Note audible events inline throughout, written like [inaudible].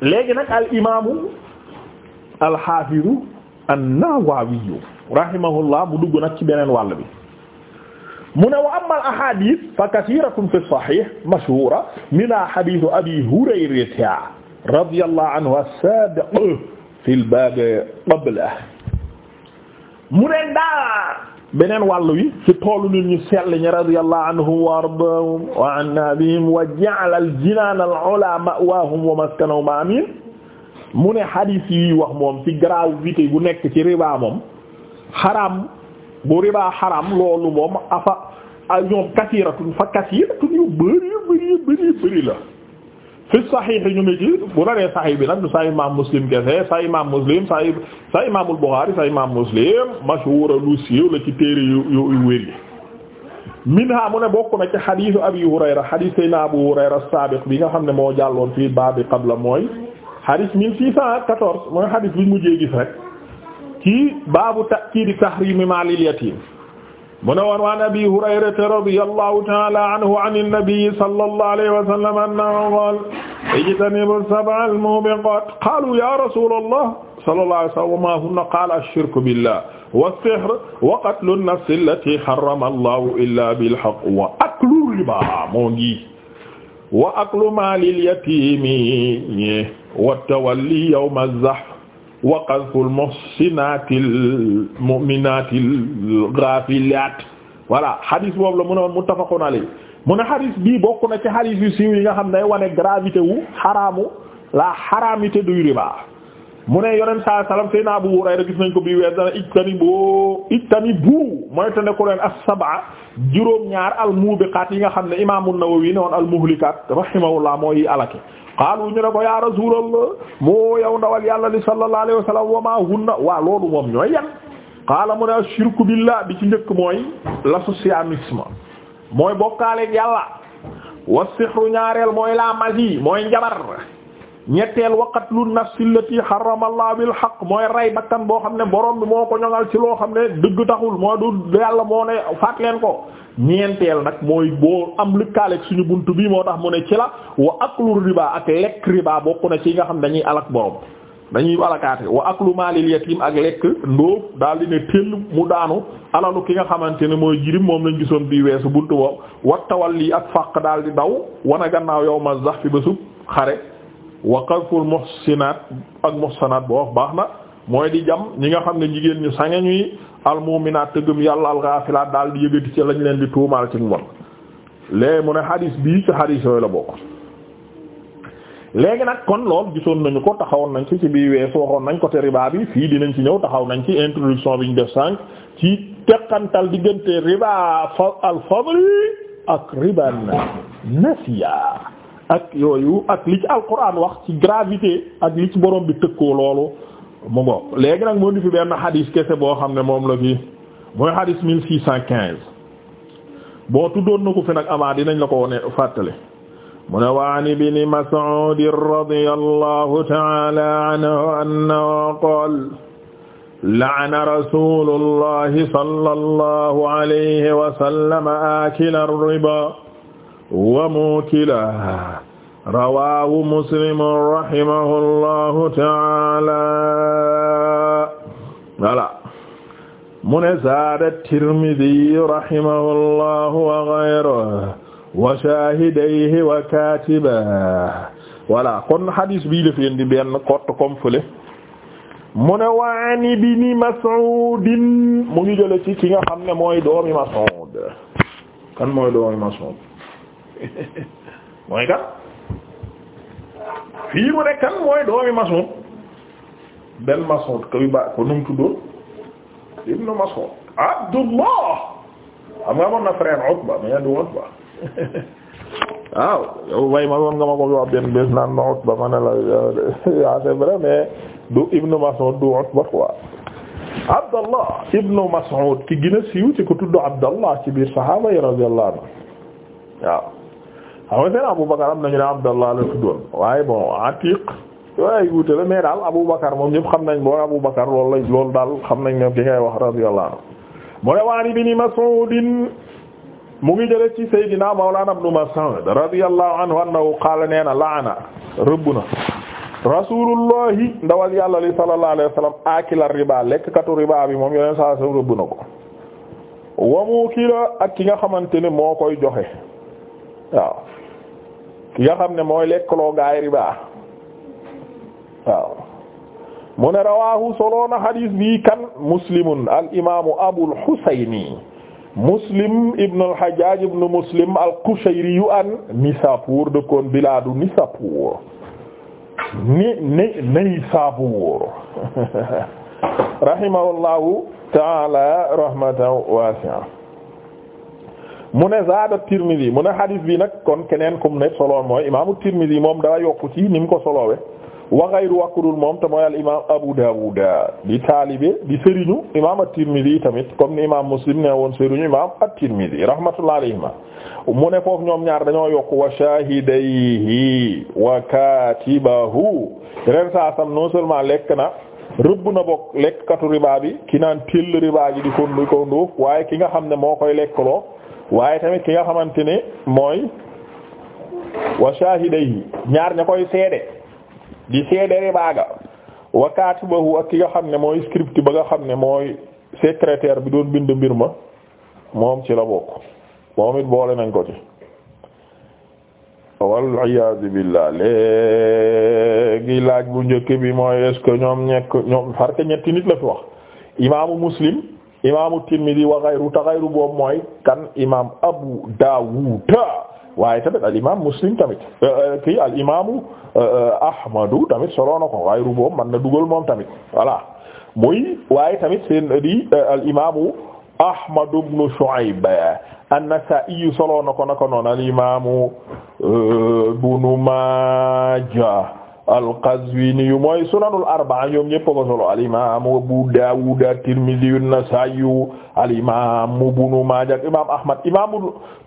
léegi nag al imaamu al xaafidu an-Nawawi rahimahullah mu dugg nag ci beneen wàll bi mu ne wa amma al ahadith fa kathiratun fi sahih mashhura minha hadith abi hurayrata radiyallahu anhu as-sabiq fi al bab qablahu mu ne daa beneen wàll wi ci toolu nit ñu sell ñi radiyallahu anhum wa ardaahum wa an nabihim wa ja'ala al-jinaan al-ula ma'waahum wa maskanahum amin mu ne xadiis yi wax moom ci gravité bu nekk ci riba moom xaram bu riba xaram loolu moom afa ñoom kasiratun fa kasiratun yu bëri bëri bëri bëri la fi saxiix ñu ngi ci bu la saxiix bi nag du saxiix imaam muslim kese saxiix imaam muslim saxiix saxiix imaamul buxaari saxiix imaam muslim mashhuur lu siiw la ci téere yu yu yu wér yi. minha mu ne bokk na ci xadiisu abi hurayra xadiis sayna abu hurayra saabiq bi nga xam ne moo jàlloon fi baabi qabla mooy xadiis 1614 mooy xadiis bi ñu mujjee gis rek ci baabu ta'kiidi tahriimi maalil yatiim mu ne woon waan abi hurayrata radiyallahu ta'ala anhu an an-nabi sallallahu alayhi wa sallam annahu qaala ijtanibu sab'a al-mubiqat qaalu ya rasulallah sallallahu alayhi wa sallam wa ma hunna qaala ash-shirku billah wa as-sihr wa qatlu an-nafs allati harrama allahu illa bil-haqq wa aklu riba moo ngi wa aklu maalil yatiimi wa tawalli yawma az-zahf wa qadhful muhsinatil mu'minatil ghafilat voilà hadith boobu la mu ne woon muttafaqun ale mu ne hadith bii bokk na ci hadith yu siiw yi nga xam ne day wane gravité wu xaraamu la xaraamité du riba mu ne yonent saa salaam Seydina Abu Hurayra gis nañ ko bii weer dana ijtanibu mooy te ko leen as-sab'a juróom-ñaar al-mubiqaat yi nga xam ne Imaam An-Nawawi ne woon al-muhlikaat rahimahullah mooy alake qaalu ñu ne ko yaa rasuulallah moo yow ndawal yàlla li sallallahu alayhi wa sallam wa maa hunna waa loolu moom ñooy qaala mu ne ashirku billah bi ci njëkk mooy l'associationnisme mooy bokkaaleeg yàlla wa sihru ñaareel mooy la magie mooy njabar. ñetteel waqatlu nafsi allati harrama Allah bil haqq mooy rey bakkan boo xam ne borom bi moo ko ñoŋal ci loo xam ne dëgg taxul moo du yàlla moo ne faat leen ko ñeenteel nag mooy boo am lëkkaaleeg suñu bunt bii moo tax mu ne ci la wa aklu riba ak lekk riba bokk na ci nga xam dañuy alak borom dañuy alakaate wa aklu maalil yatim ak lekk daal di ne tell mu daanu alalu ki nga xamante ne mooy jirim moom lañ gisoon bii weesu bunt boobu wat tawal lii ak fàq daal di daw wana gannaaw yow ma zax fi ba sub xare wa qadful muhsinaat ak muhsanaat boo wax baax na mooy di jam ñi nga xam ne jigéen ñu sange ñuy almuminaat tëggum yàlla alxaafilaat daal di yëgati ci lañu leen di tuumaal ci mbon léegi mu ne xadis bii ci xadis yooyu la bokk léegi nag kon lool gisoon nañu ko taxawoon nañ ci ci bii weesu waxoon nañ ko te riba bi fii dinañ ci ñëw taxaw nañ ci introduction bi ñu def sànq ci teqantal diggante riba al fadli ak riba ak yooyu ak li ci alquran wax gravité ak li borom bi tëkkoo loolu mu ngo nag moo di fi benn xadis kese boo xam ne moom la fi mooy xadis mille six cent quinze boo tuddoon na ko fi nag avant dinañ la ko wone fàttale mu ne wa an ibni Mas'ud radiyallahu ta'ala anhu annahu qaala la'ana rasulullahi sallallahu alayhi wa sallam akila riba wa mukilaha rawahu muslimun rahimahullahu taala voilà mu ne zada tirmidi rahimahullahu wa ghayruhu wa shahidayhi kon hadis bii daf leen di benn kott comme fële mu ne waan ibni Mas'udin mu ngi jële ci kan mooy doomi Mas'ud [laughs] mooy kan fii mu kan mooy doomi Mas'ud benn Mas'ud ko bi ba ko nu mu tuddoon ibnu Mas'ud Abdullah xam nga amoon na frère Utba mais du Utba [laughs] waaw yow way ma woon nga ma ko wax benn bés naan ma Utba ma ne la [laughs] ah c'est du ibnu Mas'ud du Utba quoi Abdallah ibnu Mas'ud ki gën a siiw ci ko tudd Abdallah ci biir sahaaba yi radiyallahu anhu waaw abu nga am na ñu nañu ne Abdallah la tuddoon waaye bon Atiq waaye wuute la mais daal abu Aboubacar moom ñëpp xam nañ boo Aboubacar loolu la loolu daal xam nañ ne ki ngay wax radiyallahu anhu mu ne waani bi ni Mas'udin mu ngi jële ci Seydina Mawlana Ibn Mas'ud radiyallahu anhu annahu qaala nee na laana rëbb na rasulullahi ndawal yàlla li sallallahu alayhi wa sallam akila riba ribaa bi moom yeneen saa sam rëbb na ko wa mukila ak ki nga xamante ne moo koy joxe ki xam ne mooy lekkaloo gaay riba waaw mu rawaahu solo na hadis bi kan muslimun al imaamu abul husayni muslim ibn al hajjaj ibn muslim al qushayri an nisapur de kon biladu nisapur ni ni nisapur [laughs] rahimahullahu ta'ala rahmatan wasi'a mu ne zaada Tirmidhi mu ne hadith bi nag kon keneen kum ne solo mooy imaamu Tirmidhi moom daa yokku ci ni mu ko soloowe wa ghayru wakkudul moom te mooy al imaam Abu Dawud di taalibe di sëriñu imaam at-Tirmidhi tamit comme ni imaam Muslim ne woon sëriñu imaam at-Tirmidhi rahmatullahi alayhima mu ne foofu ñoom ñaar dañoo yokk wa shahidayhi wa katibahu ren saa sam non seulement lekk na rëbb na lekk lekkkatu riba bi ki naan till riba ji di ko waaye ki nga xam ne moo koy lekkaloo waaye tamit ki nga xamante ni mooy wa shahidayhi ñaar ña koy seede di seede riba ga wa katibahu ak ki nga xam ne mooy script ba nga xam ne mooy secrétaire bi doon bind mbir ma moom ci la bokk moom it boole nañ ko ci wal iyaadu billah léegi laaj bu njëkk bi mooy est-ce que ñoom ñekk ñoom parce ñetti nit la fi wax imaamu muslim imaamu Tirmidi wa ghayru ta ghayru boobu mooy kan imaam Abu Dawud waaye tamit al Muslim tamit eh, eh, kii al imaamu eh, Ahmadu tamit solo na ko ghayru man na dugal moom tamit voilà muy waaye tamit seen di al imaamu Ahmadu ibn Shu'ayb solo na ko na ko noonu Maaja al-Qazwini yu mooy sunanul arba'a ñoom ñëpp ko solo al-imam Abu Dawud at-Tirmidhi an-Nasa'i al-imam Ibn Majah imam Ahmad imam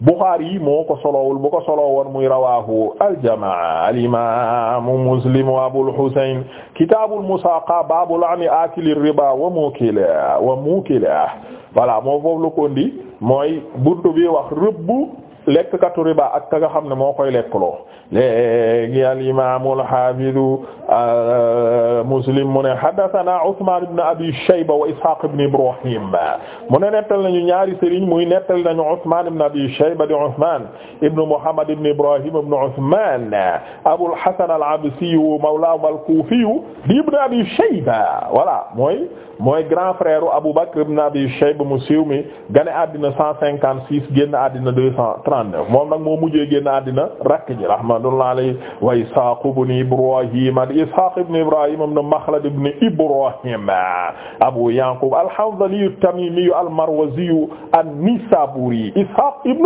Bukhari moo ko solo woon muy rawahu al-jama'a al-imam Muslim wa Abul Husayn kitabul musaqa babu la'ni akili riba wa mukila wa moo foofu la mooy buntu bi wax rëbb lekk katu riba ak ka nga xam ne moo koy lekkloo léegi al imaamu al xaafidu euh, muslim mu ne haddathana Usmaan ibn Abi Shayba wa Ishaaq ibn Ibrahim mu ne nettal nañu ñaari sëriñ muy nettal nañu Usmaan ibn Abi Shayba di Usmaan ibn Muhammad ibn Ibrahim ibn Usmaan Abul Abi Shayba voilà mooy mooy grand frère Abu Bakr ibn Abi Shayba mu siiw mi gane àddina cent cinquante six génn àddina deux cent trente neuf moom nag moo mujjee génn àddina rakk ji rahmatullahi alayhi wa Ishaq ibn Ibrahim di Ishaq ibn Ibrahim ibn Makhlad ibn Ibrahim Abu Yaqub al-Hanzali at-Tamimi al-Marwazi an-Nisaburi Ishaq ibn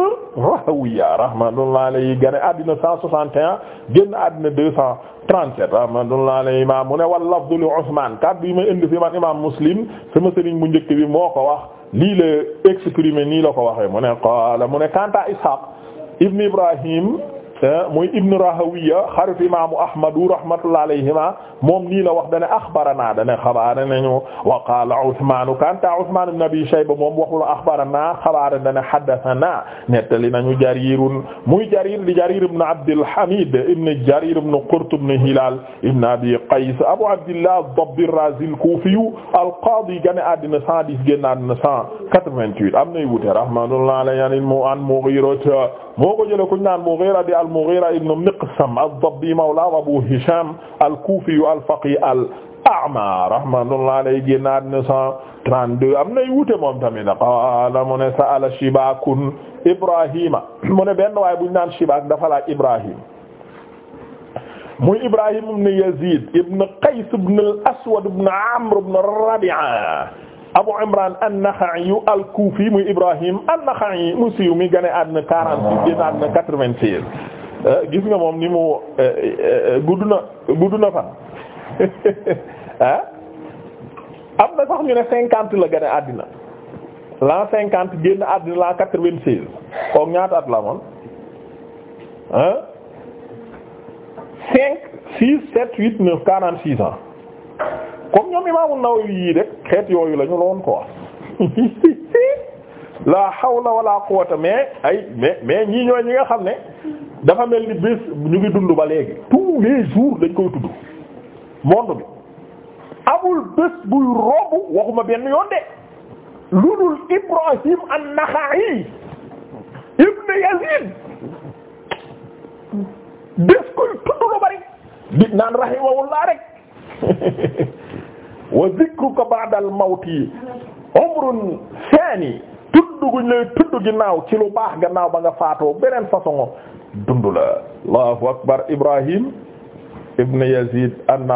gane àddina cent soixante et un li Usman kaddu imam Muslim muslim sama sëriñ bu njëkk bi moo ko wax lii la exprimer nii la ko waxee mu ne qaala mu ne kanta ishaq ibn ibrahim muy ibnu rahawiya xarit imaamu ahmadu rahmatullah alayhima moom nii la wax dane axbarana dane xabaare nañu wa qaala usmaanu kanta usmaan ibn abi shayba moom waxula axbarana xabaare dane haddathana nettali nañu jarirun muy jarir di jarir ibn abdul hamid ibn jarir ibn qurt ibn hilal ibn abi qays abu abdillah ad-dabbi ar-razi al-kufi al-qadi gane àddina 110 génn àddina 188 am nay wute rahmatullah alayhi an mughira moo ko jële ku ñu naan mughira al-Mughira ibn Miqsam ad-Dabbi mawla Abu Hisham al-Kufi al-Faqi al-A'ma rahmatullahi alayhi génnaat na 132 am nay wuute moom tamit qaala mu ne sa'ala Shibakun Ibrahima mu ne benn waaye bu ñu naan Shibak dafa laaj Ibrahim muy Ibrahim ibn Yazid ibn Qays ibn al-Aswad ibn Amr ibn Rabi'a Abu Imran an-Nakha'i al-Kufi muy Ibrahim an-Nakha'i mu siiw mi gane àddina 46 génn àddina 96 Eh, gis nga moom ni mu eh, eh, gudd na gudd na fan [laughs] ah am na sax ñu ne cinquante la gane àddina l'an cinquante génn àddina l'an quatre-vingt-seize kook ñaata at la moon ah cinq six sept huit neuf quarante six ans comme ñoom Imaamu Nawawi yii rek xeet yooyu la ñu loon quoi [laughs] la hawla wala quwwata mais ay mais mais ñii ñooy ñi nga xam ne dafa mel ni bés ñu ngi dund ba léegi tous les jours dañ koy tudd monde bi amul bés buy robu waxuma benn yoon de lu dul Ibrahim an-Naxa'i ibn Yazid bés koy tudd lu bari di naan rahimahullah rek [laughs] wa zikruka ba'da mawti umrun thani tudd guñ lay tudd ginnaaw ci lu baax gannaaw ba nga faatoo beneen façon dund la allahu akbar ibrahim ibn yazid an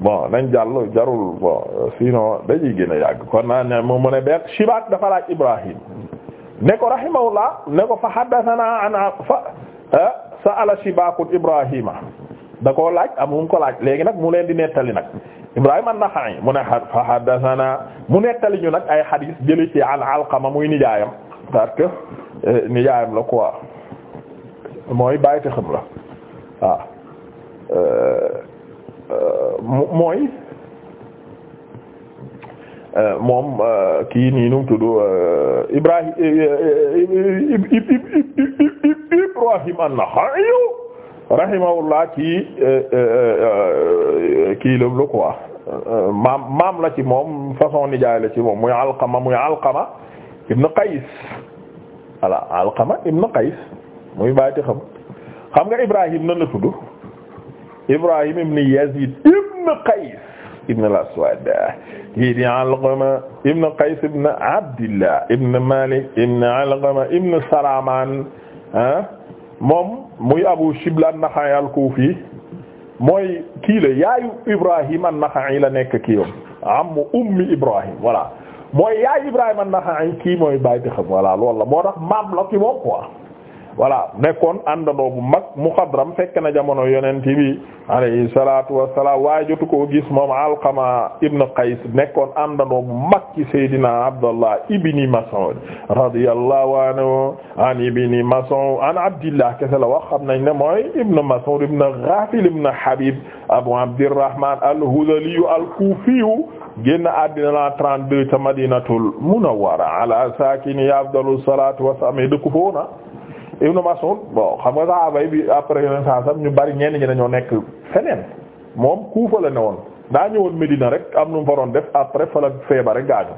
bon nañ jàll jarul bon sinon dañuy gën a kon naa ne mu mu ne bet shibaat dafa ibrahim ne ko rahimahullah ne ko fa haddathana ana fa eh, sa'ala shibaakun ibrahima da ko laaj am mu ko laaj léegi nag mu leen di nettali nag Ibrahima an-Nakha'i mu ne fa haddathana mu nettali ñu nag ay hadith jëlee ci an Alqama muy nijaayam parce que euh, nijaayam la quoi mooy bàyyi xam euh, euh, mooy moom kii nii nu mu Ibrahim Ibrahim an rahimahullah kii euh, euh, euh, kii la lu quoi maam maam la ci moom façon nijaay ci moom muy alqama muy xam xam nga ibrahim nan la tudd ibrahim ibn yazid ibn qays ibn al-aswad di alqama ibn qays ibn abdillah ibn malik ibn alqama ibn salaman ah. moom muy Abu Shibla an-Naxa'i al mooy kii la yaayu Ibrahim an-Naxa'i la nekk kii yom am ummi Ibrahim voilà mooy yaayu Ibrahim an kii mooy bàyyi xam voilà loolu moo tax maam la ki moom voilà nekkoon àndandoo bu mag muxadram fekk na jamono yonent bi alayhi salaatu wassalaam waaye jotu koo gis moom alqama ibn qays nekkoon àndandoo bu mag ci seydina abdallah ibni mas'ud radiyallahu anhu an ibni mas'ud an abdillah kese la wax xam nañ ne mooy ibn mas'ud ibn ghafil ibn habib abu abdirrahman al-hudhali al-kufi génn àddina la 32 ca madinatul munawwara ala saakini afdalu salaatu wassalaam dëkk foona Ibnu Mas'ud bon xam nga saxaaba yi bi après yeneen saa sam ñu bari ñenn ñi dañoo nekk feneen moom Kuufa ne woon daa ñëwoon Medina rek am nu mu fa doon def après fa la feebar rek gaañu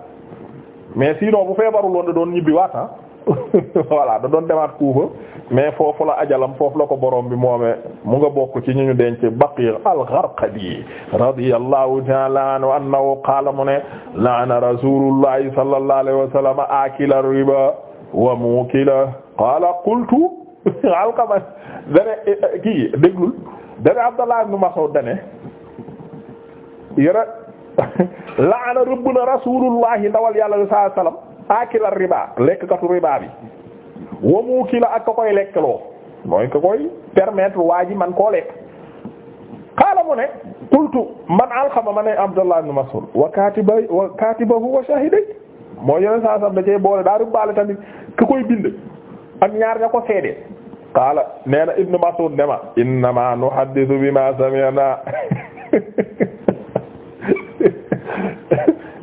mais sinon bu feebarul woon da doon ñibbi waat ah [laughs] da doon demaat Kuufa mais foofu la ajalam foofu la ko borom bi moomee mu nga bokk ci ñu ñu denc Baqi al-Gharqadi radiyallahu ta'ala anhu annahu qaala mu ne la'ana rasulullahi sallallahu alayhi wa sallam akila riba wa muqila qaala qultu alqama dane kii déglul dane Abdallah ibn Mas'ud dane yara laana rëbb na rasulullahi ndawal yàlla li saa sallam akila riba lekkatu riba bi wa muqila ak ka koy lekkloo mooy ka koy permettre waa ji man koo lekk qaala mu ne qultu man alqama ma ne Abdallah ibn Mas'ud wa katiba wa katibahu wa shahidai mooy yoneen saa da cee boole daa rëbbaale tamit ki koy bind ak ñaar nga ko seede qaala nee ibnu Mas'ud ne ma innama nuhaddisu bima sami'na [laughs]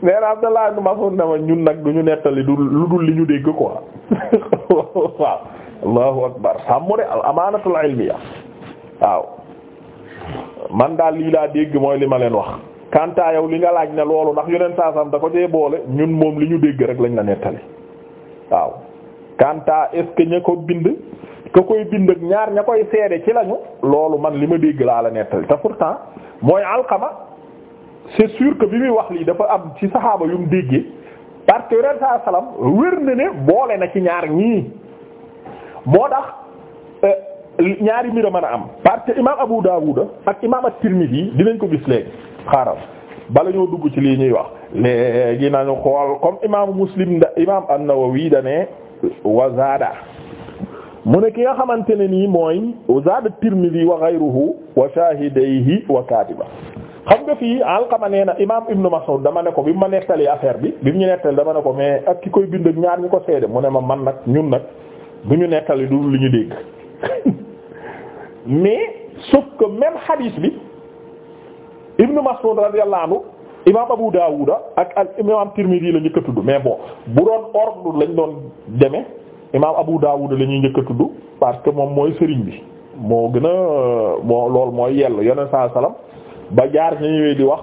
nee na Abdullah ibnu Mas'ud ne ma ñun nag du ñu nettali du lu dul li ñu dégg quoi [laughs] waaw allahu akbar sàmmu de amaanatul ilmiya waaw man daal lii laa dégg mooy li ma leen wax kantaa yow li nga laaj ne loolu ndax yoneen saasam da ko cee boole ñun moom li ñu dégg rek lañ la nettali waaw kanta est-ce ña ko bind ka koy bind ak ñaar ña koy seede ci lañu loolu man li ma dégg laa la nettali te pourtant mooy alxama c'est sûr que bi muy wax lii dafa am ci saxaaba yu mu déggee parce que ren salaam wér na ne boole na ci ñaar ñii moo tax euh, ñaari mbir a a am parce que imaam Abu Daawuda ak imaam at-Tirmidhi dinañ ko gis léegi xaaral bala ñoo dugg ci lii ñuy wax léegi nañu xool comme imaamu Muslim da imaam an-Nawawi ne wazaada mu ne ki nga xamante ne nii mooy wazaada tirmidhi wa ghayruhu wa shahidayhi wa xam nga fii Alqama nee na imaam Ibn Mas'ud dama ne ko bi ma nettali affaire bi bi mu ñu nettali dama ne ko mais ak ki koy bind ak ñaar ñu ko seede mu ne ma man nag ñun nag bu ñu nettali du lu ñu dégg [laughs] mais sauf que même hadith bi Ibn Mas'ud radiyallahu anhu imaam Abu Daawuda ak al imaam Tirmidi la njëkk a tudd mais bon bu doon ordre lañu doon demee imaam Abu Daawuda la ñuy njëkk a tudd parce que moom mooy sëriñ bi moo gën a moo loolu mooy yell yoneen saa salaam ba jaar ñu ñëwee di wax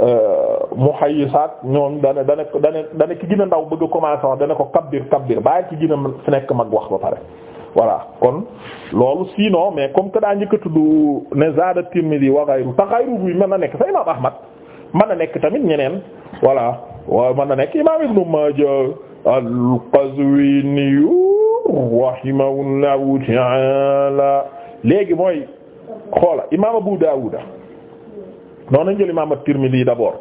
mu euh, muhayyisaat ñoom dana dana dana dana ki gën a ndaw bëgg a commencer wax dana ko kabbir kabbir bàyyi ki gën a nekk mag wax ba pare. voilà kon loolu sinon mais comme que daa njëkk a tudd ne zaada Tirmidi yi ghayru ay ghayru bi mën na nekk sa imaam Ahmad. mën na nekk tamit ñeneen voilà waaw mën na nekk imaam Ibnu Maaja al-Qazwiini rahimahullahu ta'ala léegi mooy xoola imaam Abu Daawuda noonu jël imaam at-Tirmidhi d'abord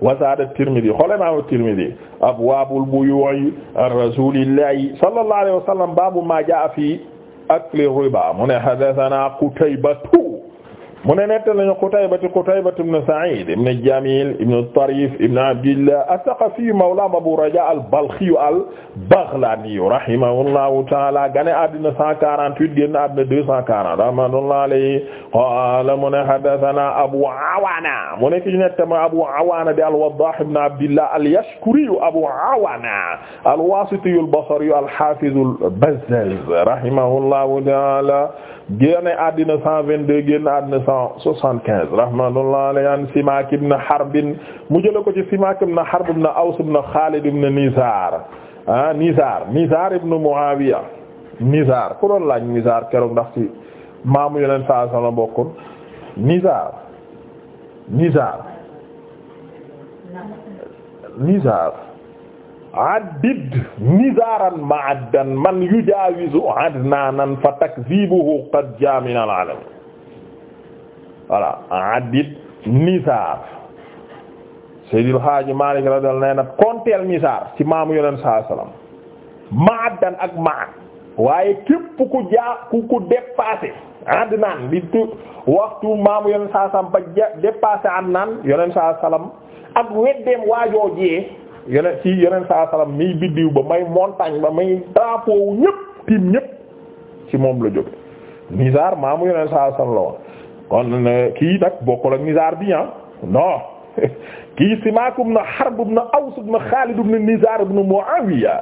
wa zaada at-Tirmidhi xoola imaam at-Tirmidhi abwaabul buyuu'i an rasuulillahi sallallahu alayhi wa sallam baabu maa jaa'a fii akli riba mu ne haddathanaa Qutaybatu mu ne netta lañu Qutaybatu Qutaybatu ibn Sa'id ibn Jamil ibn Tarif ibn Abdillah as-Saqafi mawla Abu Raja al-Balkhi al-Baghlani rahimahullahu ta'ala gane àddina 148 génn àddina 240 rahmatullahi alayhi qala mu ne haddathana Abu Awana mu ne ki netta ma Abu Awana di al-Waddah ibn Abdillah al-Yashkuri Abu Awana al-Wasiti al-Basri al-Hafiz al-Bazzaz rahimahullahu ta'ala génn àddina cent vingt-deux génn àddina cent soixante-quinze rahmatullah alayhi an Simaak ibn mu jële ko ci Simaak ibn Harb ibn Aws ibn Xaalid ibn Nizaar ah Nizaar Nizaar ibn Muawiya Nizaar ku doon laaj Nizaar keroog ndax ci maamu yeneen saa sama bokkul Nizaar Nizaar Nizaar addid nizaaran ma'addan man yujaawizu adnaanan fa takzibuhu qad jaa min al-alam nizaar Seydil Haaji Maalik radiyallahu anhu nee na konteel nizaar ci maamu Yonent sallallahu alayhi wasallam ma'addan ak ma'ad waaye képp ku jaa ku ku dépassé adnaan waxtu maamu Yonent sallallahu alayhi wasallam ba dépassé adnaan ak weddeem waajoo jee yeneen ci yeneen saa salaam miy biddiw ba may montagne ba may drapeau wu ñëpp tiim ci moom la jóge nizaar maamu yeneen saa salaam la woon kon kii nag bokkul ak nizaar bi ah non [laughs] kii Simaak ibn Harb ibn Aws ibn Xaalid ibn Nizaar ibn Muawiya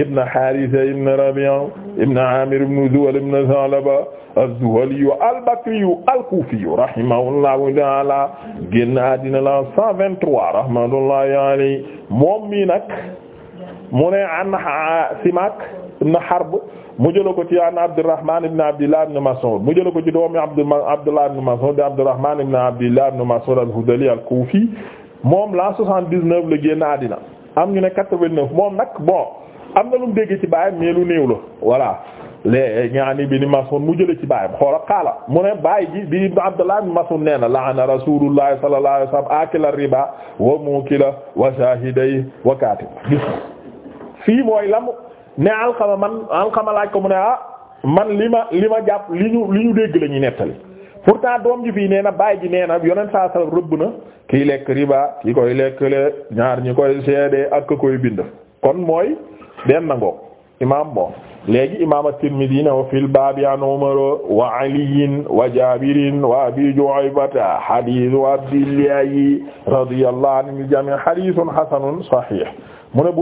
ibn Haarisa ibn Rabi'a ibn Aamir ibn Zuhal ibn Sa'laba az-Zuhali al-Bakri al-Kufi rahimahullahu ta'ala génn àddina la 123 rahmatullahi alayhi moom mi nag mu ne an Simaak ibn Harb mu jëla ko ci an Abdurrahman ibn Abdillah ibn Mas'ud mu jëla ko ci doomi Abdullah ibn Mas'ud Abdurrahman ibn Abdillah ibn Mas'ud al-Hudali al-Kufi moom la 79 la génn àddina am ñu ne 89 moom nag bon am na lu mu déggee ci baayam mais lu néew la voilà lée ñaani bi ni Mas'ud mu jële ci baayam xoola xaala mu ne baay ji di ibnu Abdullah ibn Mas'ud nee na la'ana Rasulullah sallallahu alayhi wa sallam akila riba wa mukila wa shahiday wa fii mooy lam ne alxama man alxama laaj ko mu ne ah man li ma li ma jàpp li ñu li ñu dégg la ñuy pour pourtant doom ji fii nee na baay ji nee na yoneen saa sa rëbb na kiy lekk riba ki koy lekk le ñaar ñi koy seede ak koy benn ngoog imaam bon léegi imaam at-Tirmidhi ne wa fil baabi an Umar wa Ali wa Jaabir wa Abi Ju'ayba hadithu Abdillahi radiyallahu anhu jami' hadithun hasanun sahih mu ne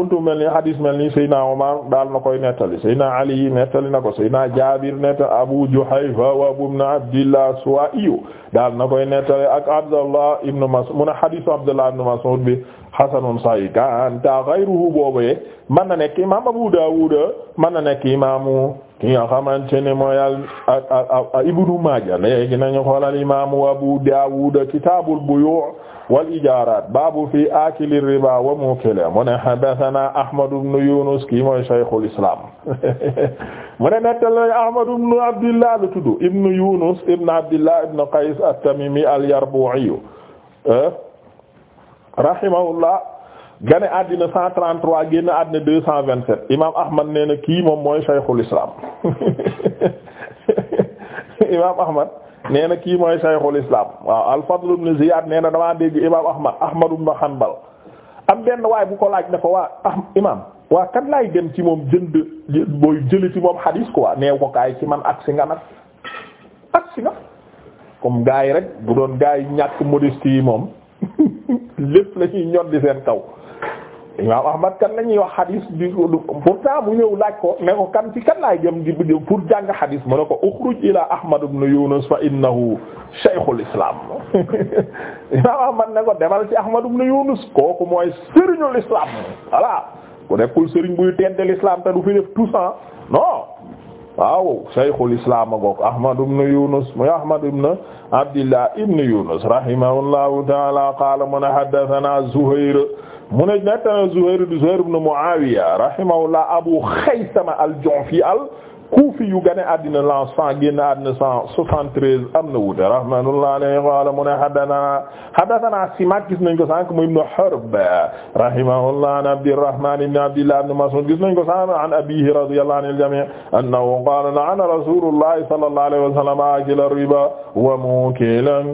daal na koy nettali Seydina Ali nettali na ko Seydina Jaabir nettali Abu Juhayfa wa Abu ibn Abdillah Suwa'i daal na koy nettali ak Abdullah ibn Mas'ud mu ne hadithu Abdullah ibn Mas'ud bi hasanun sahih kanta ghayruhu boobee mën na nekk imam Abu Dawud mën na nekk imamu ki nga xamante ne mooy al Ibnu Maaja léegi nañu xoolal imamu Abu Dawud kitabul buyu' wal ijarat babu fi akili riba wa mukila mu ne hadathana Ahmad ibn Yunus ki mooy shaykhul islam [laughs] mu ne nettali Ahmad ibn Abdillah la tudd ibn Yunus ibn Abdillah ibn Qays at-Tamimi al-Yarbu'i eh? rahimahullah gane àddina cent trente-trois génn àddina deux cent vingt-sept imaam Ahmad nee na kii moom mooy shaykhul islam [laughs] imaam Ahmad nee na kii mooy shaykhul islam waaw al-Fadl ibn Ziyad nee na damaa dégg imaam Ahmad Ahmad ibn Hanbal am benn waaye bu ko laaj ne ko waa ah imaam waa kan laay gën ci moom jën booy jëli ci moom hadis quoi neew ko kaay ci man ak si nga nag ak si nga comme gars yi rek bu doon gars yi ñàkk modestie yi moom. [laughs] lépp la ñuy ñor di seen kaw imaam ahmad kan la ñuy wax xadis bi pourtant mu ñëw laaj ko ne ko kan ci kan laay jëm di pour jàng xadis mu ne ko uxruj ila ahmad ibn yunus fa innahu shaykhul islam [laughs] imaam ahmad ne ko demal ci ahmad ibn yunus kooku mooy sëriñul islam voilà ku nekkul sëriñ buy teddel islam te du fi def tout ça non waaw shaykhul islam agok ahmad ibn yunus muy ahmad ibn abdillah ibn yunus rahimahullahu taala qaala mu ne haddathana zuhair mu ne nettana zuhair di zuhair ibn muawiya rahimahullah abu khaysama al-ju'fi al kuufi yu gane addina lan cent génn addina cent soixante-treize am na wuute rahmatullah alayhi qala mu ne haddathana haddathana Simaak gis nañ ko sànq mu ibn Harb rahimahullah an Abdirrahman ibn Abdillah ibn Mas'ud gis nañ ko sànq an abihi radiyallahu anil jami' annahu qala la'ana rasulullahi sallallahu alayhi wa sallam akila riba wa mukilan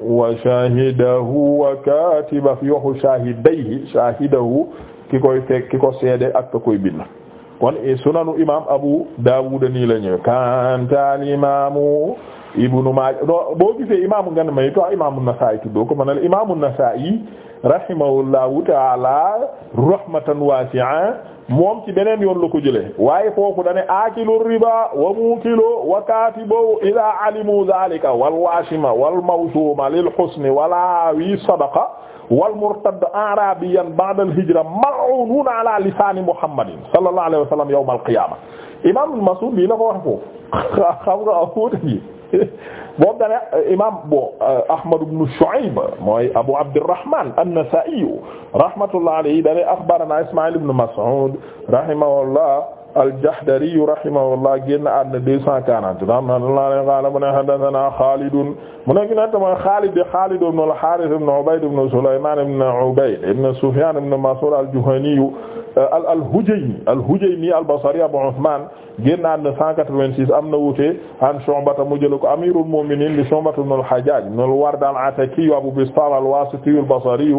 wa shahidahu wa katibahu yuhu shahidayhi shahidahu ki koy fekk ki ko seede ak ka koy bind kon sunanu imam Abu Dawud nii la ñëw kantal imamu Ibnu Maaja boo gisee imamu ngan may to imamu Nasaa'i tuddoo ko manal imamu Nasaa'i rahimahullahu ta'ala rahmatan wasi'a moom ci beneen yoon la ko jëlee waaye foofu dane akilu riba wa mukilo wa katibo ila alimu zalika wal washima wal mawsuma lil husni wala wi sadaqa wal murtadd arabiyan ba'da al hijra mal'unun ala lisaani muhammadin sallallahu alayhi wa sallam yawm al qiyaama imaam Mas'ud lii la ko wax foofu xam nga aw fóota ji boobu dane imam bo eh, Ahmad ibn Shu'ayb mooy Abu Abdirrahman an-Nasa'i rahmatullahi alayhi dane akhbarana Isma'il ibn Mas'ud rahimahullah al-Jahdari rahimahullah génn àdduna deux cent quarante am na la qaala mu ne haddathana Khalid mu ne ginaaw tamit Khalid Khalid ibn al-Harith ibn Ubayd ibn Sulayman ibn Ubayd ibn Sufyan ibn Mas'ud al-Juhani al-Hujaymi al-Hujaymi al-Basri Abu Uthman génn àdduna cent quatre-vingt-six am na wuute an Shu'ba mu jël ko amirul mu'minin li Shu'ba ibn al-Hajjaj ibn al-Ward al-Ataki Abu Bistam al-Wasiti al-Basri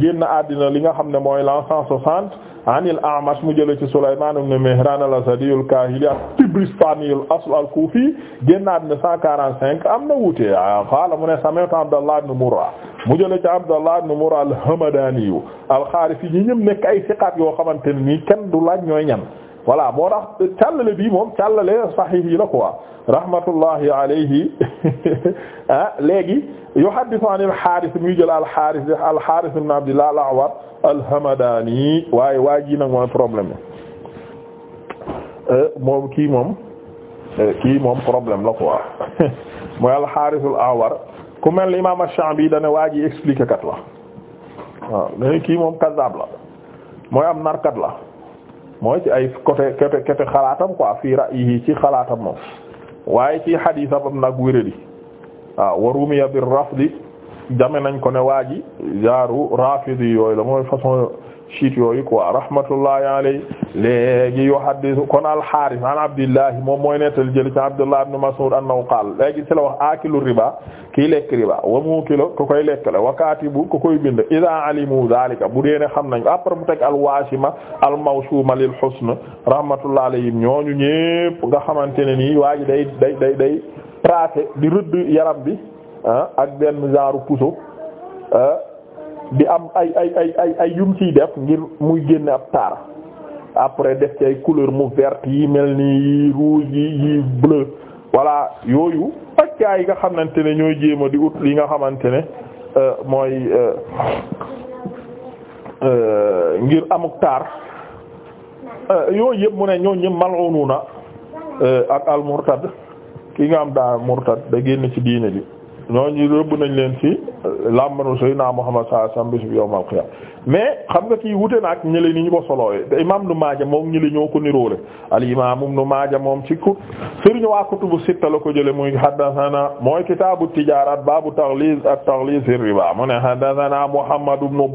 génn àdduna li nga xam ne mooy l'an cent soixante an al-A'mash mu jëlee ci Sulaymaan ibn Mihraan al-Asadi al-Kaahili at-Tabaristaani al-asl al-Kuufi génnaat na 145 am na wuute qaala mu ne sami'tu Abdallah ibn Murra mu jëlee ci Abdallah ibn Murra al-Hamdaani al-Xaarifi ñi ñëpp nekk ay siqaat yoo xamante ne nii kenn du laaj ñooy ñan voilà moo tax càllale bii moom càllale saxiix yi la quoi rahmatullahi alayhi [laughs] ah léegi. yuhaddisu an al-Haaris muy jël al-Haaris al Abdillah al-A'war al-Hamdaani waaye waa ji nag mooy problème eh, moom kii moom eh, kii moom problème la quoi [laughs] mooy al-Haaris al-A'war ku mel ni imaam Ash-Sha'bi da ne waa ji expliqué kat la waaw mais kii moom kazaab la mooy am narkat la mooy ci ay côté côté côté xalaatam quoi fii ra'yihi ci xalaatam moom waaye ci hadiisam nag wéradi waaw warumiya bir rafdi jame nañ ko ne waa ji jaaru rafidi yooyu la mooy façon chiite yooyu quoi rahmatullahi alay léegi yo haddisu kon alxaaris an abdillahi moom mooy nettal jëli ci abdullah ibn mas'ud annahu qaal léegi ci la wax akilu riba kii lekk riba wa mukilo ku koy lekk la wa katibu ku koy bind ida alimu zalika bu deene xam nañ après mu teg alwasima almawsuma lil husn rahmatullahi alayhim ñooñu ñépp nga xamante ne nii waa ji day day day day tracé di rëdd yaram bi ah, ak benn genre puso ah, di am ay ay ay ay yum ciy def ngir muy génne ab taar après def ci ay couleur mu vert yi mel ni yi rouge yi bleu voilà yooyu paccaay yi nga xamante ne ñooy jéema di wut yi nga xamante ne euh, mooy euh, euh, ngir amuk taar yooyu yëpp mu ne ñoo ñëpp mal'ununa ak al murtad ki nga am daa murtad da génn ci diine ji ñooñu rëbb nañ leen ci euh, làmbanu Seydina Muhammad sallallahu alayhi wasallam bis bi yawmal qiyaama mais xam nga kii wute na ak ñële ni ñu ko soloowe te imam Ibnu Maaja moom ñële ñoo ko niroole al imam Ibnu Maaja moom ci kut sëriñu waa kutubu sitta la ko jële muy haddathana mooy kitaabu tijaaraat baabu taghliz at-taghliz fi riba mu ne haddathana Muhammad ibnu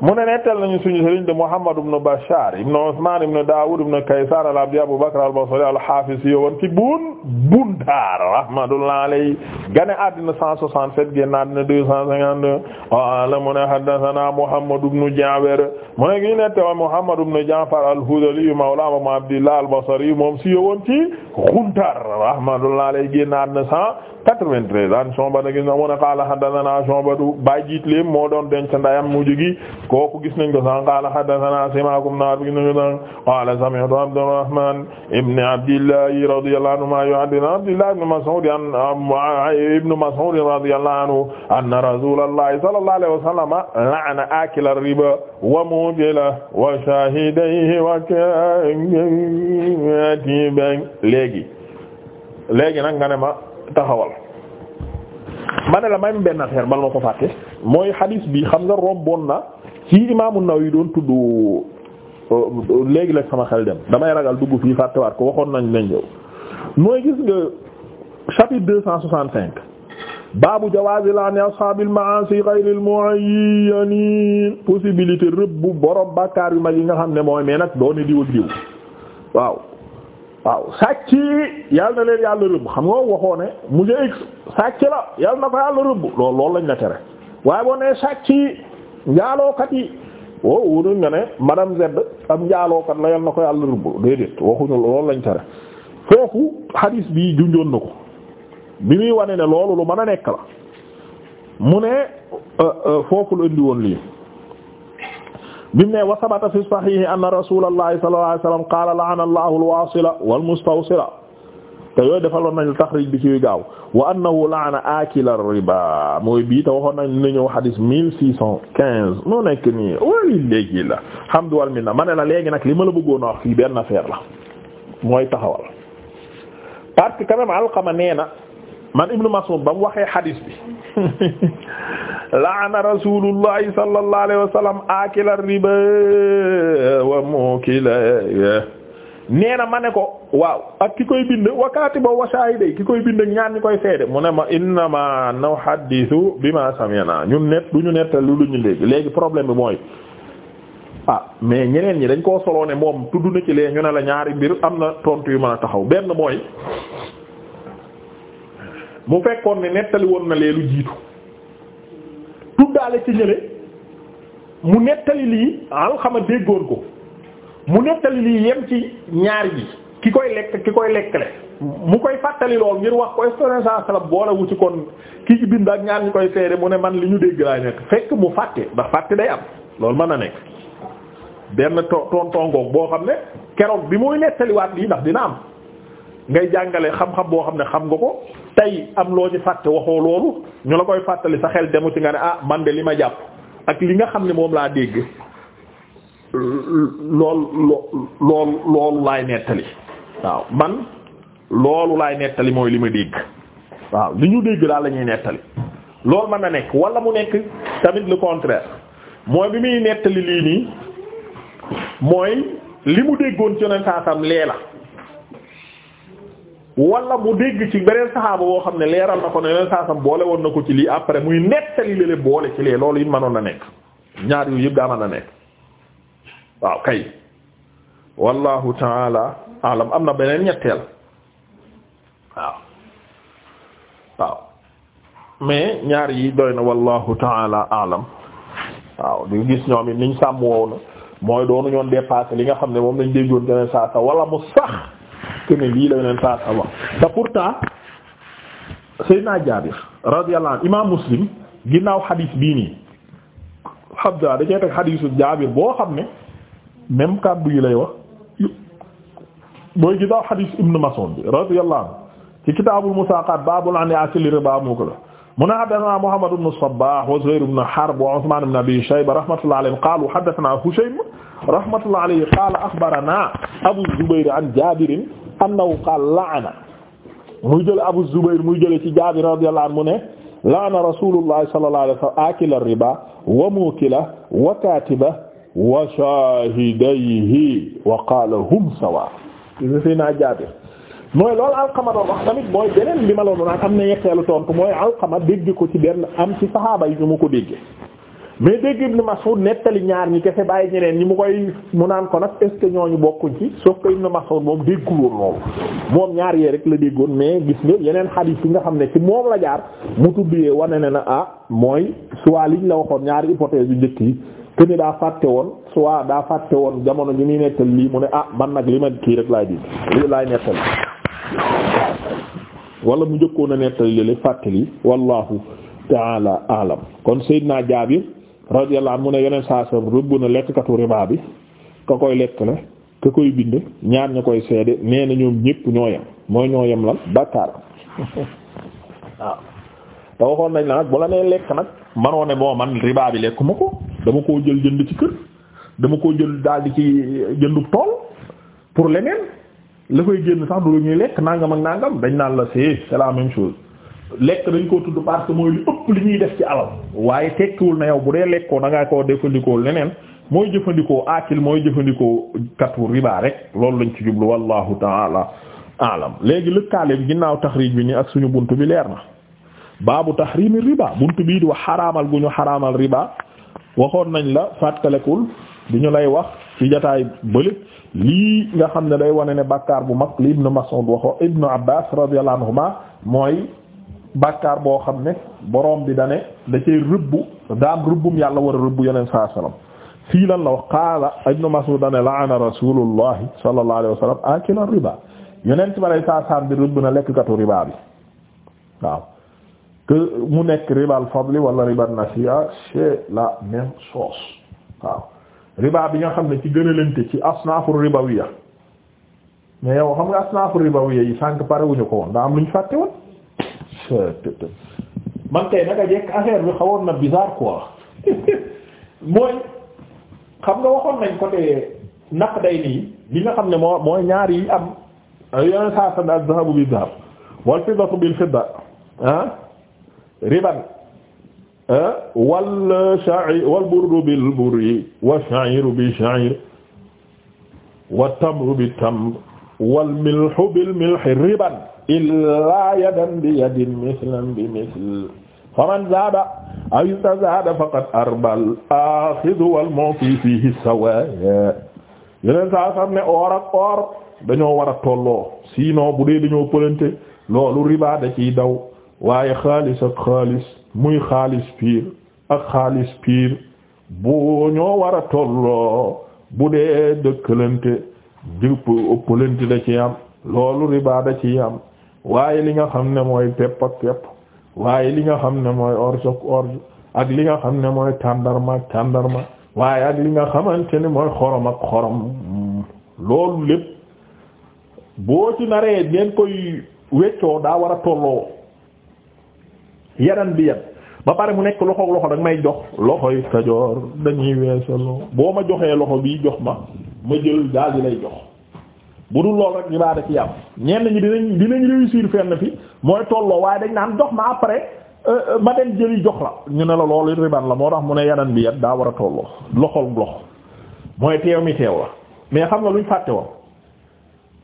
mu ne na nañu suñu sëriñ de Muhammad ibn Bashar ibn Usman ibn Dawud ibn Kaysar al-Abdi Abu Bakr al-Basri al-Hafiz yo woon ci Bun Bundar rahmatullah alayhi gane àddina 167 génn àddina 252 qala mu ne haddathana Muhammad ibn Ja'far mu ne gi nettal Muhammad ibn Ja'far al-Hudhali mawla Abu Abdillah al-Basri moom si yo woon ci Ghundar rahmatullah alayhi génn àddina 193 an Shu'ba nag mu ne qala haddathana Shu'ba bay moo doon denc kooku gis nañ ko san qala hadathana simakum naar bi gis nañ ko san qala sami'tu abdurrahman ibn abdillah radiyallahu anhu ma yuhaddithu abdillah ibn mas'ud an ibn mas'ud radiyallahu anhu anna rasulallahi sallallahu alayhi wa sallam la'ana akila riba wa mubilahu wa shahidayhi wa katibahu léegi léegi nag nga ne ma taxawal ma ne la may benn affaire bal ma ko fàtte mooy hadis bi xam nga romboon na kii Imaam An-Nawawi doon tudd euh, léegi la sama xel dem damay ragal dugg fii fàttewaat ko waxoon nañ lañ ñëw mooy gis nga chapitre deux cent soixante cinq baabu jawaazi laani ashaabil ma'aasi ghayril mu'ayyaniin possibilité rëbb bu borom bàkkaar yu mag yi nga xam ne mooy mais nag doone diw ak diw waaw waaw sàcc yal na leen yàlla rëbb xam nga waxoo ne monsieur X sàcc la yal na ko yàlla rëbb loolu loolu lañ la tere waaye boo nee sàcc njaalookat yi wow wóorul nga ne madame Z njaalookat la na ko yàlla rëbb déedéet waxuñu loolu lañ tere foofu hadis bi junjoon na ko bi muy wane loolu lu mën a nekk la mu ne euh, euh, foofu la indi woon lii bimu ne wa sabata fi sahihi anna rasulallahi sallallahu alayhi wasallam qala la'ana allahu alwasila te yooyu defaloon nañu taxrij bi ciy gaaw wa annahu laana akila riba mooy bii te waxoon nañ ne ñëw xadis mille six cent quinze moo nekk nii wali léegi la hamdu wal minna ma ne la léegi nag li ma la bëggoon wax fii benn affaire la mooy taxawal parce que quand même alqama nee na man ibnu Mas'ud ba mu waxee xadis bi [laughs] laana rasulullahi sallallahu alayhi wa sallam nee na ma ne ko waaw ak ki koy bind wa katiba wa shahida ki koy bind ñaan ñi koy seede mu ne ma ma naw innama bi ma sami'na ñun net du ñu netta lu ñu léegi léegi problème bi mooy ah mais ñeneen ñi dañ koo soloo ne moom tudd na ci lee ñu ne la ñaari mbir am na tontu yu mën a taxaw benn mooy mu fekkoon ne nettali woon na lee lu jiitu tuddaale ci ñële mu nettali lii alxama déggoon ko mu nettali lii yem ci ñaar ji ki koy lekk ki koy lekkale mu koy fàttali lool ngir wax ko sone sa salam boole wu ci kon kii bind ak ñaar ñu koy seede mu ne man li ñu dégg laay nekk fekk mu fàtte ndax fàtte day am loolu mën na nekk benn to tontongoog boo xam ne keroog bi muy nettaliwaat lii ndax dina am ngay jàngale xam-xam boo xam ne xam nga ko tey am loo ci fàtte waxoo loolu ñu la koy fàttali sa xel demu ci nga ne ah man de li ma jàpp ak li nga xam ne moom laa dégg lool lool loolu laay nettali waaw man loolu laay nettali mooy li ma dégg waaw li ñu dégg daal la ñuy nettali loolu mën na nekk wala mu nekk tamit le contraire mooy bi muy nettali lii nii mooy li mu déggoon ci yoneen saasam lee la wala mu dégg ci beneen saxaaba boo xam ne leeral na ko ne yoneen saasam boole woon na ko ci lii après muy nettali lele boole ci lee loolu it mënoon na nekk ñaar yooyu yëpp daa mën na nekk waaw kay wallahu taala alam am na beneen ñetteel waaw waaw mais ñaar yi doy na wallahu taala alam waaw di gis ñoom it niñ sàmm woon mooy doonu ñoon dépassé li nga xam ne moom lañ déggoon yeneen saa sa wala mu sax que ne lii la yeneen saa sa wax te pourtant Seydina Jaabir radiyallahu anhu imaam Muslim ginnaaw xadiis bii nii xam daa da teg xadiisu Jaabir boo xam ne même kàddu yi lay wax booy gis daal xadiis ibnu Mas'ud bi radiyallahu anhu ci kitaabul musaaqaat baabul an yaakili riba moo ko la mu ne haddathana Muhammad ibn Sabbah wa Zuhayr ibn Harb wa Uthman ibn Abi Shayba rahmatullahi alayhim qaalu haddathana Hushaym rahmatullahi alayhi qaala akhbaranaa Abu Zubayr an Jaabir annahu qaala la'ana muy jële Abu Zubayr muy jële ci Jaabir radiyallahu anhu mu ne la'ana Rasulullah sallallahu alayhi wa sallam aakila riba wa muukilahu wa kaatibahu wa shaahidayhi wa qaala hum sawa si naa jaate mooy loolu alxama doon wax tamit mooy beneen bi ma la naan am na ñetteelu tontu mooy alxama dégg ko ci benn am ci saxaaba yi ñu mu ko déggee mais dégg Ibn Mas'ud nettali ñaar ñi kese bàyyi ñeneen ñi mu koy mu naan ko nag est-ce que ñooñu bokkuñ ci sauf que Ibn Mas'ud moom déggul woon loolu moom ñaar yee rek la déggoon mais gis nga yeneen xadiis yi nga xam ne ci moom la jaar mu tuddee wane ne na ah mooy soit liñ la waxoon ñaari hypothèse yu njëkk te ni daa fàtte woon soit daa fàtte woon jamono ji muy nettal lii mu ne ah man nag li ma kii rek laay bind lii laay nettal wala mu njëkkoon a nettali lili fàttali wallahu taala alam kon Seydina Jaabir radiyallahu anhu mu ne yeneen saa sa rëbb na lekkatu riba bi ka koy lekk la ka koy bind ñaar ña koy seede nee na ñoom ñépp ñoo yem mooy ñoo yem lan bàkkaar [laughs] waaw te waxoon nañ la nag bu la nee lekk nag manoo ne boo man riba bi lekkuma ko dama koo jël jënd ci kër dama koo jël daal di ci jëndu tool pour leneen la koy génn sax du lu ñuy lekk nangam ak nangam dañ naan la c'est selaa la chose lekk dañ ko tudd parce que mooy li ëpp li ñuy def ci alal waaye tekkiwul na yow bu dee lekkoo da ngaa koo jëfandikoo leneen mooy jëfandikoo akil mooy jëfandikoo katu riba rek loolu lañ ci jublu wallahu taala alam léegi lëkkaale bi ginnaaw taxrij bi nii ak suñu bunt bi leer na baabu tahrimi riba buntu bii di wax xaraamal gu ñu xaraamal riba waxoon nañ la fàttalekul bi ñu lay wax ci jataay bële lii nga xam ne day wane ne bàkkaar bu mag li ibnu Mas'ud waxoo ibnu Abbas radiyallahu anhuma mooy bàkkaar boo xam ne boroom bi dane da cay rëbbu daam rëbbum yàlla war a rëbbu yeneen saa sallam fii lan la wax qaala ibnu Mas'ud dane la'ana rasulullahi sallallahu alayhi wa sallam akila riba yeneen ci ba lay saa saam bi rëbb na lekk riba bi que mu nekk ribal fadli wala ribal nasiya c'est la même chose waaw riba bi nga xam ne ci gënalante ci asnaafu ribawiya mais yow xam nga asnaafu ribawiya yi sànq pare ko woon daa am lu ñu fàtte woon bi xawoon na bizarre quoi [laughs] mooy xam nga waxoon nañ côté naq day nii li nga xam ne moo mooy ñaari yi am yeneen saa sa daal zahabu bi zahab wal fiddatu bil fidda ah riban ah, wal sha'ir wal burdu bil burdi wa sha'iru bi sha'ir wa tamru bi tamr wal milhu bil milhi riban illaa yadan bi yadin mislan bi misl faman zaada aw istazaada faqad arbal aaxidu wal mu'ti fiihi sawaa yeneen saa sax ne or ak or dañoo war a tolloo sinon bu dee dañoo pëlante loolu riba da ciy daw waaye xaalis ak xaalis muy xaalis piir ak xaalis piir bu ñoo war a tolloo bu dee dëkkalante dipp ëppalante da ci am loolu riba ci am waaye li nga xam ne mooy pepp ak pepp waaye li nga xam ne mooy orge ak orge ak li nga xam ne mooy tàndarma ak tàndarma waaye ak li nga xamante ne mooy xorom ak xorom loolu lépp boo ci naree den koy weccoo daa war a tolloo yadan bi yad ba pare mu nekk loxo loxo danga may jox loxoy kajoor dañuy weesaloo boo ma joxee loxo bii jox ma ma jël daal di lay jox bu dul lool rek ibaada ci yàlla ñenn ñi dinañ dinañ réussir fenn fi mooy tolloo waaye dañ naan jox ma après euh, euh, ma dem jëli jox la ñu ne la loolu riban la moo tax mu ne yadan bi yat daa war a tolloo loxol loxo mooy teew mi teew la mais xam nga luñ fàtte woon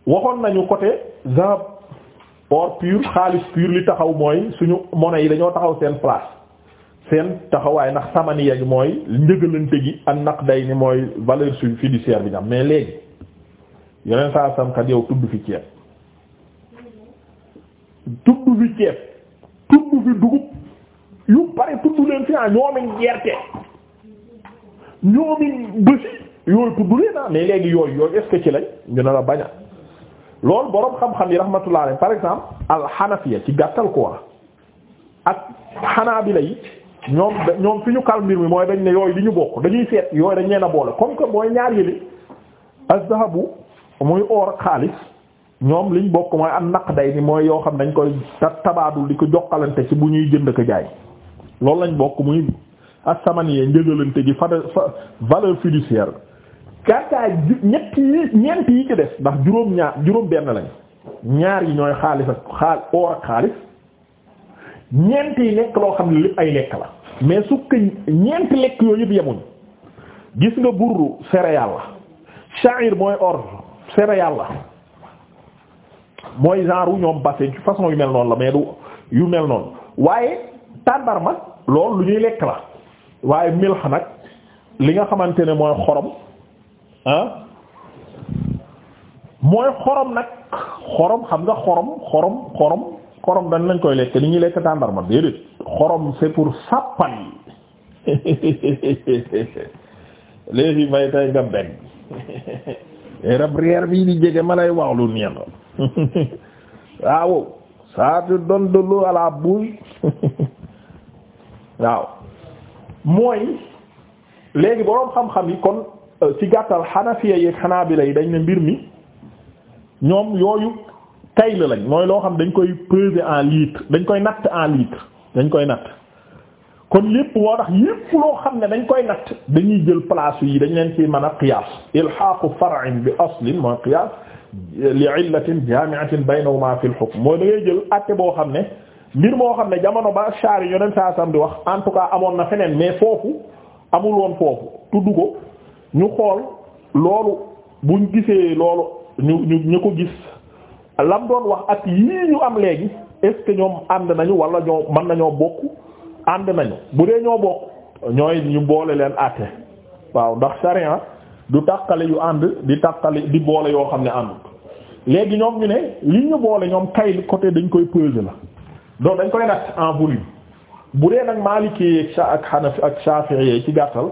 waxoon nañu côté zahab or pur xaalis pur li taxaw mooy suñu monnaie yi dañoo taxaw seen place seen taxawaay ndax samani yagi mooy njëgalante gi ak naq day ni mooy valeur su fiduciaire bi ñam mais léegi yeneen saa samkat yow tudd fi ceeb tudd fi ceeb tudd fi dugub yu bari tudd leen fi ah ñoomin gerte ñoomin bësi yooyu tudd leen ah mais léegi yooyu yooyu est ci lañ ñu ne la baña loolu borom xam-xam yi rahmatullah alayhi par exemple alxanafiya ci gàttal quoi ak bi yi ñoom ñoom fi ñu kal mi mooy dañ ne yooyu li ñu bokk dañuy seet yooyu dañ leen a boole comme que mooy ñaar yële azzahabu muy or ak xaalis ñoom liñ bokk mooy am naq day ni mooy yoo xam dañ koy tabaadul di ko jokkalante ci bu ñuy jënd ko jaay loolu lañ bokk muy asamaniye njëgalante gi fa valeur fiduciaire kartaay ñett yi ñeent yi ci des ndax juróom ñaar juróom benn lañ ñaar yi ñooy xaalis ak xaal oor ak xaalis ñeent yi nekk loo xam ne lépp ay lekk la mais sukk ñeent lekk yooyu yëpp yemuñ gis nga burru céréale la sha'ir mooy orge céréale la mooy genre wu ñoom bassin façon yu mel noonu la mais du yu mel noonu waaye tàndarma loolu lu ñuy lekk la waaye milx nag li nga xamante ne mooy xorom ah mooy xorom nag xorom xam nga xorom xorom xorom xorom dañ nañ koy lekk li ñuy lekk tàndarma déedéet xorom c'est pour sàppal [laughs] léegi may tay nga benn [laughs] reer bii di jege ma lay wax lu neex [laughs] waaw ça te donne de l'eau à waaw mooy léegi boroom xam-xam yi kon ci gàttal xanafiya yeeg xanaabila yi dañ ne mbir mi ñoom yooyu kayl lañ mooy loo xam dañ koy peser en litre dañ koy natt en litre dañ koy natt kon lépp woo tax yépp loo xam ne dañ koy natt dañuy jël place yi dañ leen ci mën a qiyaas ilhaaqu far'in bi aslin mooy qiyaas li illatin jaami'atin baynahuma fi al-hukm mooy da ngay jël àtte boo xam ne mbir moo xam ne jamono ba shari yoneen saa sam di wax en tout cas amoon na feneen mais foofu amul woon foofu tudd ko ñu xool loolu buñ gisee loolu ñu ñu ñu ko gis lam doon wax at yii ñu am léegi est-ce que ñoom ànd nañu wala ñoo mën nañoo bokk ànd nañu bu dee ñoo bokk ñooy ñu boole leen àtte waaw ndax sharia du tàqale yu ànd di tàqale di boole yoo xam ne àndut léegi ñoom ñu ne li ñu boole ñoom kay côté dañ koy peser la donc dañ koy nag en volume bu dee nag Maliki ak Hanafi ak yee ci gàttal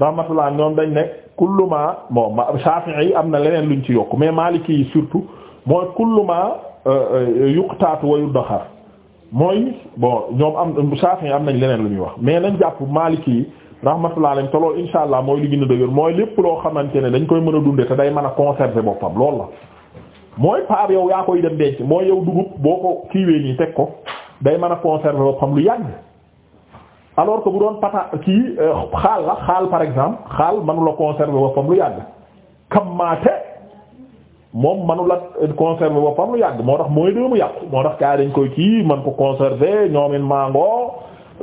rahmatullah ñoom dañ ne kulluma bon Shafi'i yi am na leneen luñ ci yokk mais Maliki yi surtout mooy kulluma euh, euh, taatu wa yuddaxar mooy bon ñoom am Shafi'i yi am nañ leneen lu ñuy wax mais nañ jàpp Maliki yi rahmatullah lañ toloo insha allah mooy li gën a dëgër mooy lépp loo xamante ne dañ koy mën a dunde te day man a conserver boppam loolu la mooy par yow yaa koy dem denc mooy yow dugub boo ko kiiwee nii teg ko day man a conserver boppam lu yàgg alors ko bu doon pata kii euh, xaal la xaal par exemple xaal manu la conserver boppam lu yàgg kammaate moom manu la conserver boppam lu yàgg moo tax mooy dee mu yàqu moo tax kaa dañ koy kii man ko conservé ñoomin mango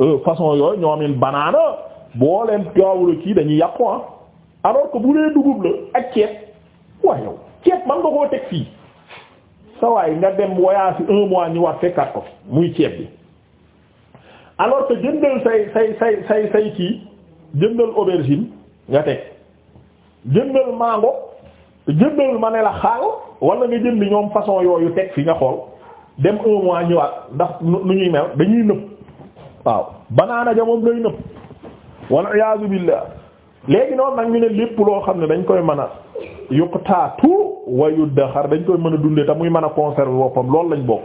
euh, façon yooyu ñoomin banaana boo leen kii dañuy yàqu ah alors que bu dee dugub la ak ceeb waa yow ceeb man nga koo teg fii sa waaye nga dem voyage un mois ñu war fekkaat ko muy ceeb bi alors que jëndal say say say say say kii jëndal aubergine nga teg jëndal mango jëndal ma ne la xaal wala nga jënd ñoom façon yooyu teg fi nga xool dem un mois ñëwaat ndax nu ñuy mel dañuy nëb waaw banaana ja moom lay nëb wal iyaazu billah léegi noonu nag ñu ne lépp loo xam ne dañ koy mën a yuqtaatu wa yuddaxar dañ koy mën a dundee te muy mën a conserver boppam loolu lañ bokk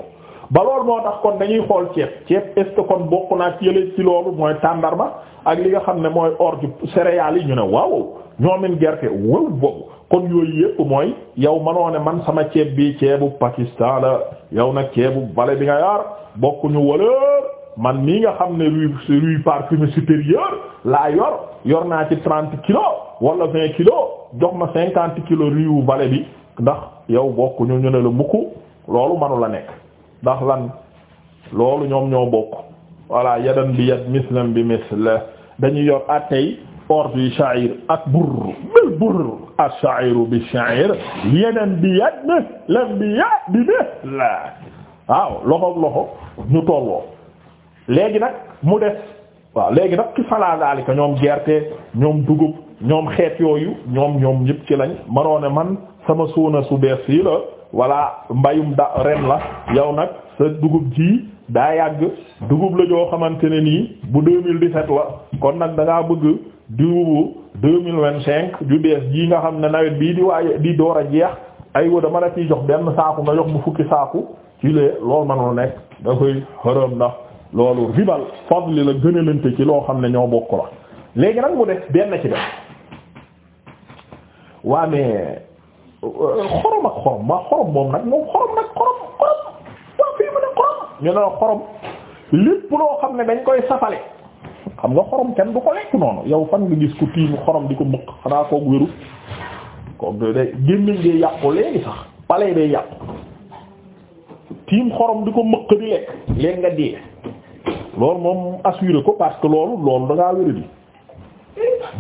ba loolu moo tax kon dañuy xool ceeb ceeb est ce que kon bokk naa ci yële loolu mooy tàndarma ak li nga xam ne mooy orge céréales yi ñu ne waaw ñoomin gerte wow boobu kon yooyu yëpp mooy yow manoo ne man sama ceeb bi ceebu Pakistan la yow nag ceebu bale bi nga yaar bokkuñu wala man mii nga xam ne riz riz parfumé supérieur laa yor yor naa ci trente kilos wala vingt kilos jox ma cinquante kilos riz wu bi ndax yow bokkuñu ñu ne la mukk loolu manu nekk. ndax lan loolu ñoom ñoo bokk voilà yadan bi yad mislan bi la dañu yor attey ordre yi sha'ir ak burr bil burr ash-sha'iru bi sha'ir yadan bi yad mislan bi yad bi misla waaw loxoog loxo ñu tolloo léegi nag mu des waaw léegi nag ki fala daalika ñoom gerte ñoom dugub ñoom xeet yooyu ñoom ñoom ñëpp ci lañ manoo man sama suuna su bees yi la voilà mbayum da ren la yow nag sa dugub ji daa yàgg dugub la joo xamante ne nii bu 2017 la kon nag da ngaa bëgg diwubu 2025 ju bees ji nga xam ne nawet bii di waaye di door a jeex ay woo dama la ciy jox benn saaku nga jox mu fukki saaku ci lee loolu manul nekk da koy xërëm ndax loolu ribal fadli la gënalante ci loo xam ne ñoo bokk la léegi nag mu def benn ci def waa mais xorom ak xorom waa xorom moom nag moom xorom nag xorom xorom waa fii mu ne xorom ñu ne la xorom lépp loo xam ne dañ koy safale xam nga xorom kenn du ko lekk noonu yow fan nga gis ku xorom di ko mbëq xanaa koog wéru koog tiim xorom di ko mbëq di lekk léegi nga dee loolu moom assuré ko parce que loolu loolu da ngaa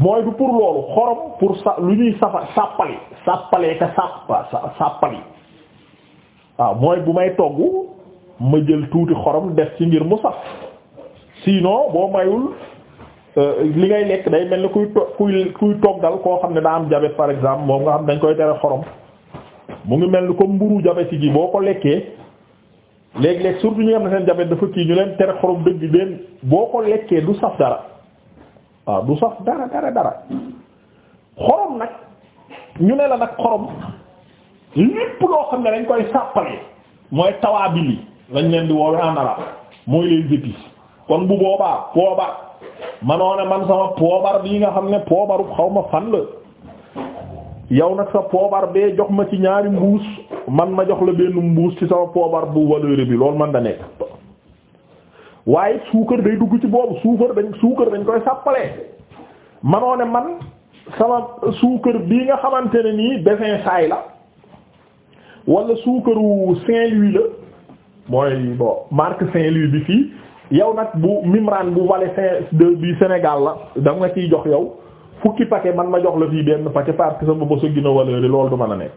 mooy du pour loolu xorom pour sa lu ñuy safa sàppali sàppalee ka sàppa sàppali waaw mooy bu may togg ma jël tuuti xorom def ci ngir mu saf sinon boo mayul euh, li ngay lekk day mel ni kuy to kuy kuy toggal koo xam ne daa am diabète par exemple moom nga xam dañ koy tere xorom mu ngi mel ni comme mburu diabète gi boo ko lekkee léeg-léeg surtout ñi nga xam ne seen diabète dafa kii ñu leen tere xorom dëgg benn boo ko lekkee du saf dara waaw bu saf dara dara dara xorom nag ñu ne la nag xorom lépp loo xam ne dañ koy sàppale mooy tawaabil yi lañ leen di woowe en arabe mooy les épices kon bu boobaa poobar manoo ne man sama poobar bii nga xam ne poobaru xaw ma fan la yow nag sa poobar bee jox ma ci ñaari mbuus man ma jox la benn mbuus ci sama poobar bu valeur bi loolu man da nekk waaye suukar day dugg ci boobu suukar dañ suukar dañ koy sàppalee manoo ne man sama suukar bii nga xamante ne nii besin saay la walla suukaru Saint-Louis la mooy bon marque Saint-Louis bi fii yow nag bu Mimran bu vallée Saint bii Sénégal la da nga ciy jox yow fukki paquet man ma jox la fii benn paquet parce que sama boso gina valeur yi du mën a nekk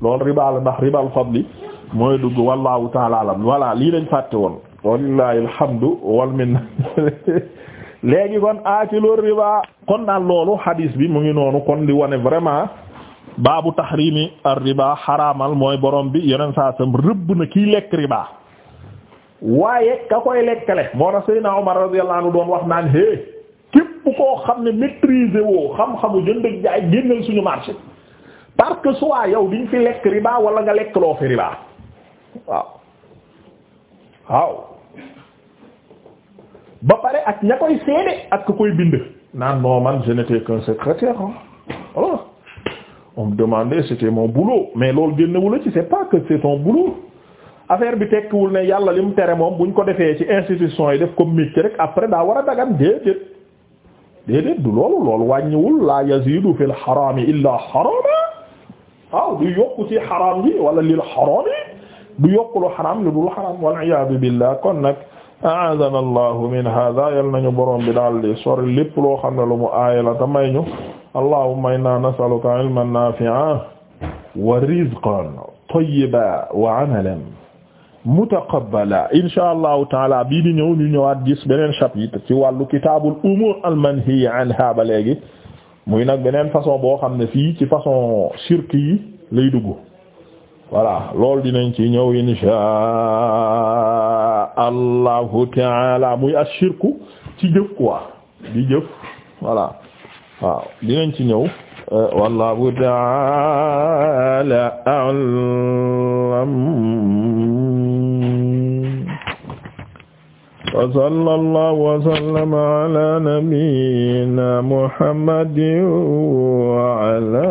loolu riba la ndax ribal li mooy dugg wallahu taala alam lii lañ fàtte woon walillahi alhamdu wal minna léegi kon aakilu riba kon daal loolu hadis bi mu ngi noonu kon li wone vraiment baabu tahrimi ar-riba xaraamal mooy borom bi yeneen saa sam rëbb na kiy lekk riba waaye ka koy lekkale moo tax Seydina Omar radiyallahu anhu doon wax naan hé képp koo xam ne maîtriser woo xam-xamu jënd jaay génnal suñu marché parce que soit yow diñ fi lekk riba wala nga lekk loo fi riba waaw ba pare ak ña koy seede ak ku koy bind naan non man je n'étais qu'un secrétaire voilà on me demandait c'était mon boulot mais loolu génnewula ci c'est pas que c'est ton boulot affaire bi tekkiwul ne yàlla li mu tere moom buñ ko defee ci institution yi def comme métier rek après daa war a dagan déedéet déedéet du loolu loolu wàññiwul la yazidu fil xaraami illa xaraama waaw ah, du yokku ci xaraam bi wala lil xaraami du yokku lu xaraam lu dul xaraam wal billah kon nag aadana min hada nañu borom bi daal di sori lépp loo xam ne lu mu aaya la te may ñu allahumma inna nasaluka ilman nafi'an wa rizqan tayyiban wa amalan mutaqabbala insha allahu taala bii di ñëw ñu ñëwaat gis beneen chapitre ci wàllu kitaabul umuur almanhiyi anha ba léegi muy nag beneen façon boo xam ne fii ci façon shirk yi lay dugg voilà loolu dinañ ci ñëw insha allahu taala muy ashirku ci jëf quoi di jëf voilà waaw dinañ ci ñëw euh, wallahu taala a'lam wa sallallahu wa sallama ala nabiyyina muhammadin wa ala